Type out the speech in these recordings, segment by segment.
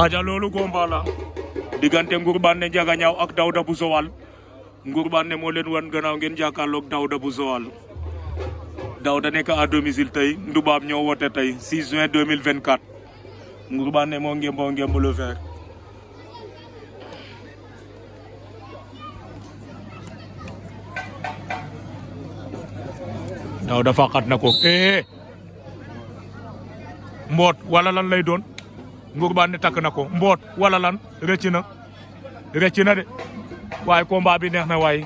aja loolu combat la diggante Ngourbane Ndiaganiao ak Daouda bu Joal Ngourbane moo leen wan ngeen jàkkaarloog Daouda bu Joal Daouda nekk à domicile tey Ndubaab ñoo woote tey 6 juin 2024 Ngourbane moo ngemboo ngemb lu vert Daouda na ko eh, eh, eh mboot wala lan lay doon ngurbaan ne takk na ko mboot wala lan rëcc na rëcc na de waaye combat bi neex na waaye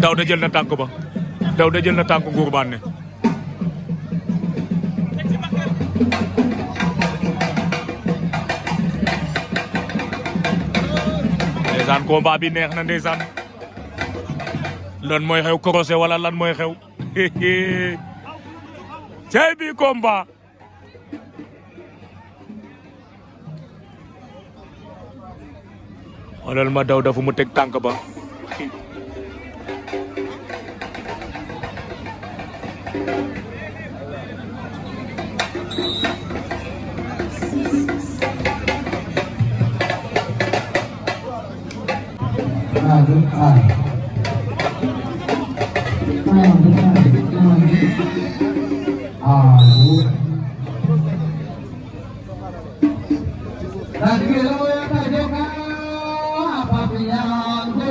Daouda jël na tànk ba Daouda jël na tànk Ngourbane ndeysaan combat bi neex na ndeysaan lan mooy xew korosé wala lan mooy xew cey bi combat xoolal ma daw dafa mu teg tànk ba ආගේ ආයි. ආයි. රාජ්‍යලෝය කඩේකා අපපියන්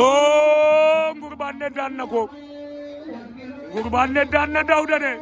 ගුරුබන්නේ දන්නකෝ ගුරුබන්නේ දන්න දවුදනේ